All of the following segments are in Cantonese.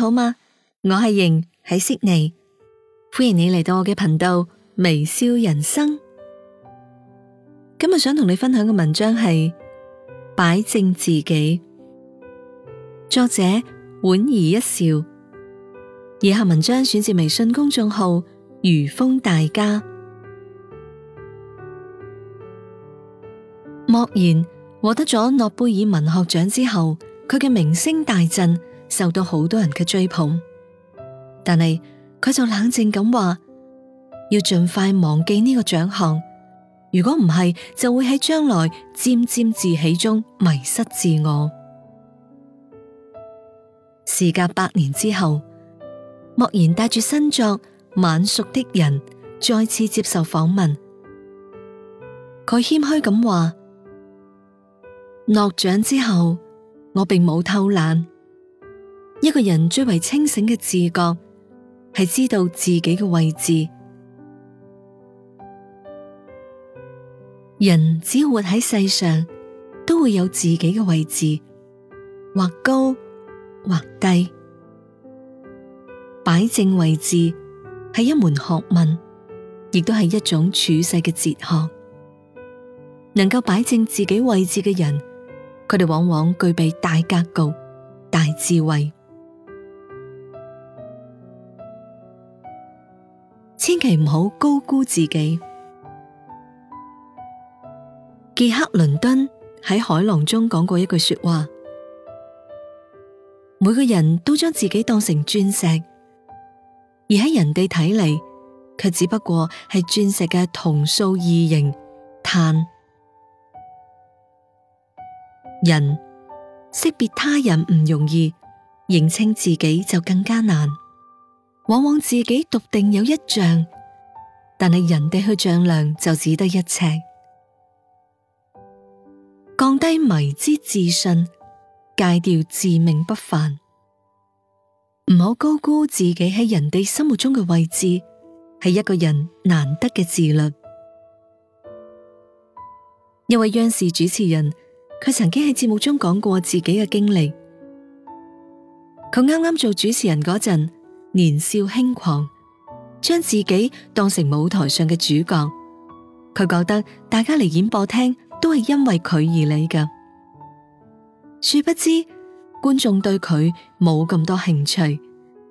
好嗎？我係瑩喺悉尼，歡迎你嚟到我嘅頻道微笑人生。今日想同你分享嘅文章係擺正自己，作者婉兒一笑。以下文章選自微信公眾號如風大家。莫言獲得咗諾貝爾文學獎之後，佢嘅名聲大振。受到好多人嘅追捧，但係佢就冷靜咁話，要盡快忘記呢個獎項。如果唔係，就會喺將來沾沾自喜中迷失自我。時 隔八年之後，莫言帶住新作《晚熟的人》再次接受訪問，佢謙虛咁話：諾獎之後，我並冇偷懶。一個人最為清醒嘅自覺，係知道自己嘅位置。人只要活喺世上，都會有自己嘅位置，或高或低。擺正位置係一門學問，亦都係一種處世嘅哲學。能夠擺正自己位置嘅人，佢哋往往具備大格局、大智慧。千祈唔好高估自己。傑克倫敦喺海浪中講過一句說話：每個人都將自己當成鑽石，而喺人哋睇嚟，卻只不過係鑽石嘅同素異形碳。人識別他人唔容易，認清自己就更加難。往往自己篤定有一丈，但係人哋去丈量就只得一尺。降低迷之自信，戒掉自命不凡，唔好高估自己喺人哋心目中嘅位置，係一個人難得嘅自律。一位央視主持人，佢曾經喺節目中講過自己嘅經歷，佢啱啱做主持人嗰陣。年少輕狂，將自己當成舞台上嘅主角，佢覺得大家嚟演播廳都係因為佢而嚟㗎。殊不知觀眾對佢冇咁多興趣，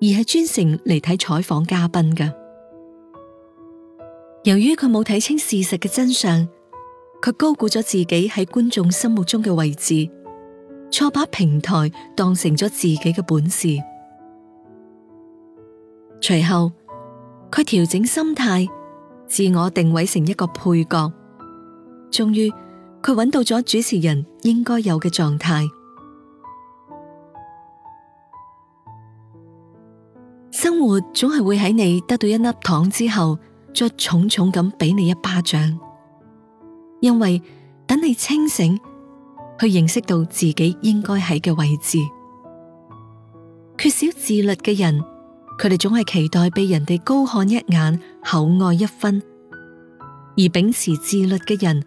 而係專程嚟睇採訪嘉賓㗎。由於佢冇睇清事實嘅真相，佢高估咗自己喺觀眾心目中嘅位置，錯把平台當成咗自己嘅本事。隨後，佢調整心態，自我定位成一個配角。終於，佢揾到咗主持人應該有嘅狀態。生活總係會喺你得到一粒糖之後，再重重咁俾你一巴掌。因為等你清醒，去認識到自己應該喺嘅位置。缺少自律嘅人。佢哋總係期待被人哋高看一眼、厚愛一分；而秉持自律嘅人，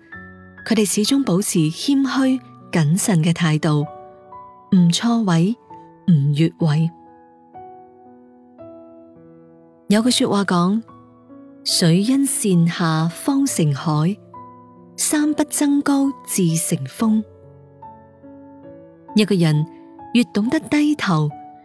佢哋始終保持謙虛謹慎嘅態度，唔錯位、唔越位。有句說話講：水因善下方成海，山不增高自成峰。一個人越懂得低頭。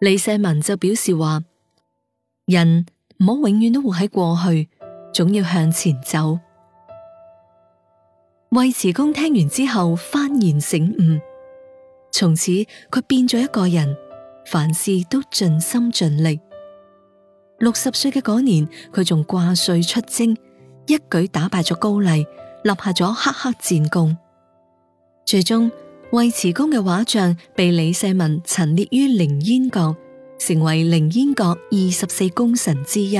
李世民就表示話：人唔好永遠都活喺過去，總要向前走。尉遲恭聽完之後幡然醒悟，從此佢變咗一個人，凡事都盡心盡力。六十歲嘅嗰年，佢仲掛帥出征，一舉打敗咗高麗，立下咗赫赫戰功。最終。尉遲恭嘅畫像被李世民陳列於凌煙閣，成為凌煙閣二十四功臣之一。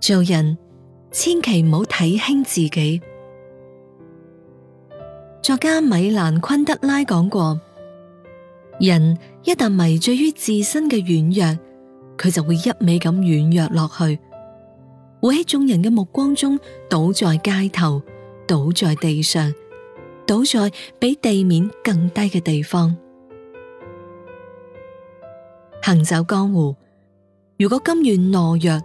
做人千祈唔好睇輕自己。作家米蘭昆德拉講過：人一旦迷醉於自身嘅軟弱，佢就會一味咁軟弱落去。會喺眾人嘅目光中倒在街頭，倒在地上，倒在比地面更低嘅地方。行走江湖，如果甘願懦弱，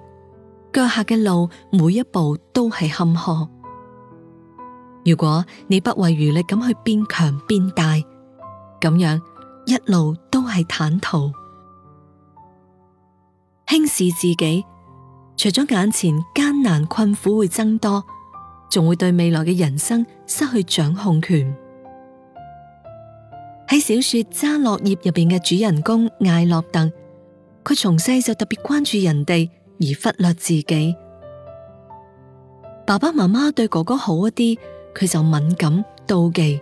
腳下嘅路每一步都係坎坷。如果你不遺餘力咁去變強變大，咁樣一路都係坦途。輕視自己。除咗眼前艱難困苦會增多，仲會對未來嘅人生失去掌控權。喺小說《扎落葉》入邊嘅主人公艾洛特，佢從細就特別關注人哋而忽略自己。爸爸媽媽對哥哥好一啲，佢就敏感妒忌，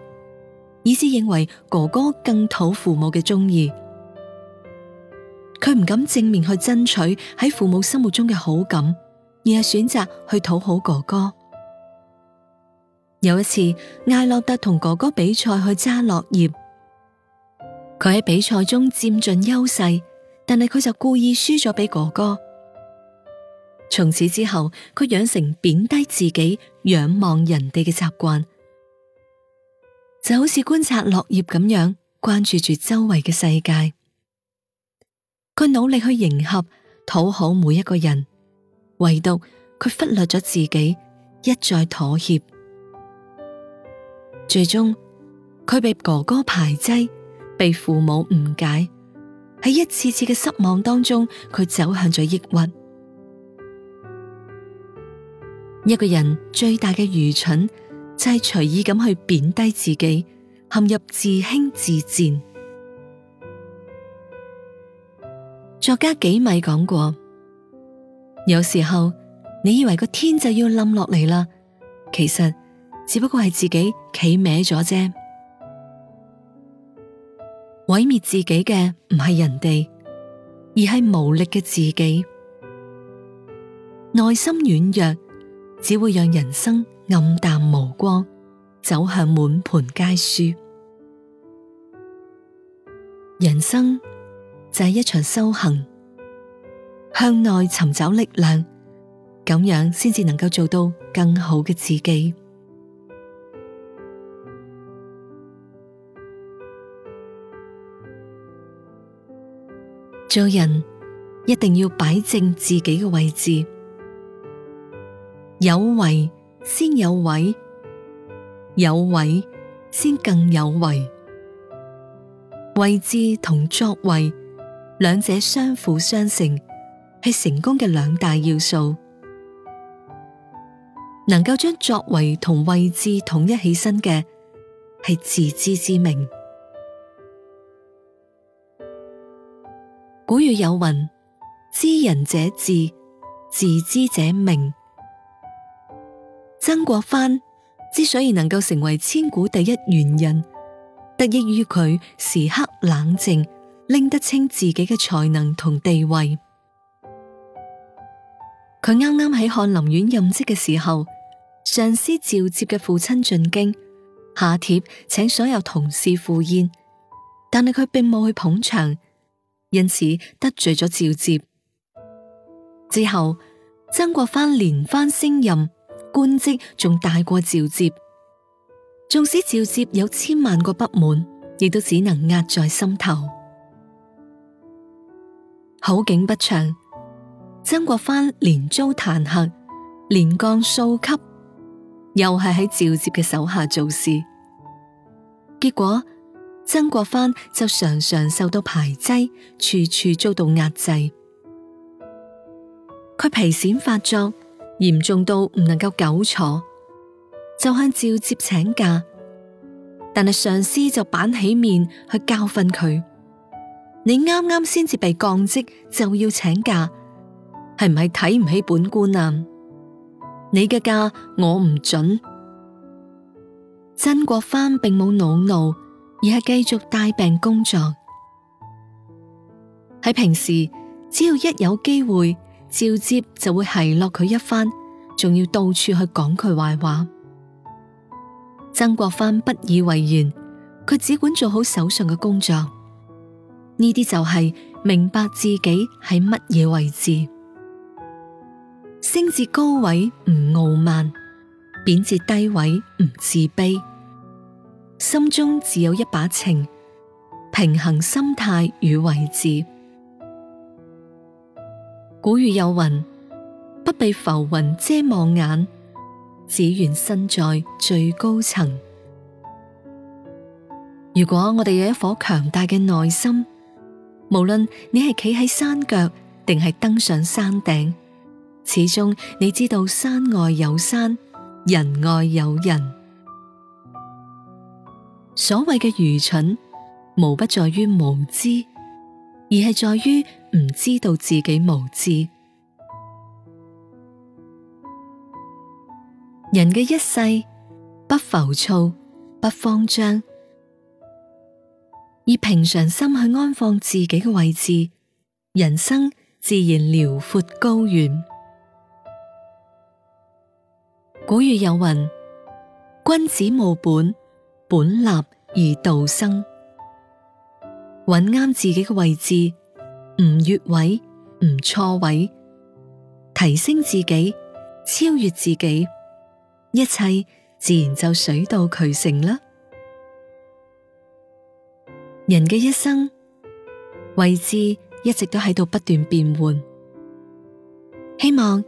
以致認為哥哥更討父母嘅中意。佢唔敢正面去爭取喺父母心目中嘅好感，而係選擇去討好哥哥。有一次，艾洛特同哥哥比賽去揸落葉，佢喺比賽中佔盡優勢，但係佢就故意輸咗俾哥哥。從此之後，佢養成貶低自己、仰望人哋嘅習慣，就好似觀察落葉咁樣，關注住周圍嘅世界。佢努力去迎合討好每一個人，唯獨佢忽略咗自己，一再妥協。最終佢被哥哥排擠，被父母誤解。喺一次次嘅失望當中，佢走向咗抑鬱。一個人最大嘅愚蠢就係、是、隨意咁去貶低自己，陷入自輕自賤。作家幾米講過：有時候你以為個天就要冧落嚟啦，其實只不過係自己企歪咗啫。毀滅自己嘅唔係人哋，而係無力嘅自己。內心軟弱，只會讓人生暗淡無光，走向滿盤皆輸。人生，就係一場修行，向內尋找力量，咁樣先至能夠做到更好嘅自己。做人一定要擺正自己嘅位置，有為先有位，有位先更有位，位置同作為。兩者相輔相成，係成功嘅兩大要素。能夠將作為同位置統一起身嘅，係自知之明。古語有云：知人者智，自知者明。曾國藩之所以能夠成為千古第一完人，得益於佢時刻冷靜。.拎得清自己嘅才能同地位。佢啱啱喺翰林院任職嘅時候，上司趙接嘅父親進京，下帖請所有同事赴宴，但係佢並冇去捧場，因此得罪咗趙接。之後曾國藩連番升任官職，仲大過趙接，縱使趙接有千萬個不滿，亦都只能壓在心頭。好景不長，曾國藩連遭彈劾，連降數級，又係喺趙接嘅手下做事，結果曾國藩就常常受到排擠，處處遭到壓制。佢皮癬發作嚴重到唔能夠久坐，就向趙接請假，但係上司就板起面去教訓佢。你啱啱先至被降職，就要請假，係唔係睇唔起本官啊？你嘅假我唔准。曾國藩並冇惱怒，而係繼續帶病工作。喺平時，只要一有機會照接，就會奚落佢一番，仲要到處去講佢壞話。曾國藩不以為然，佢只管做好手上嘅工作。呢啲就係明白自己喺乜嘢位置，升至高位唔傲慢，貶至低位唔自卑，心中只有一把秤，平衡心態與位置。古語有云：不被浮雲遮望眼，只緣身在最高層。如果我哋有一顆強大嘅內心。無論你係企喺山腳定係登上山頂，始終你知道山外有山，人外有人。所謂嘅愚蠢，無不在於無知，而係在於唔知道自己無知。人嘅一世，不浮躁，不慌張。以平常心去安放自己嘅位置，人生自然遼闊高遠。古語有云：君子務本，本立而道生。揾啱自己嘅位置，唔越位，唔錯位，提升自己，超越自己，一切自然就水到渠成啦。人嘅一生，位置一直都喺度不斷變換，希望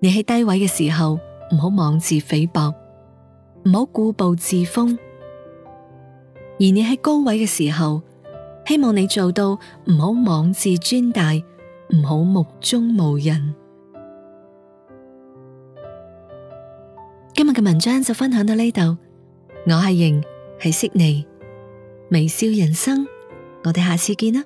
你喺低位嘅時候唔好妄自菲薄，唔好固步自封；而你喺高位嘅時候，希望你做到唔好妄自尊大，唔好目中無人。今日嘅文章就分享到呢度，我係瑩，係悉尼。微笑人生，我哋下次見啦。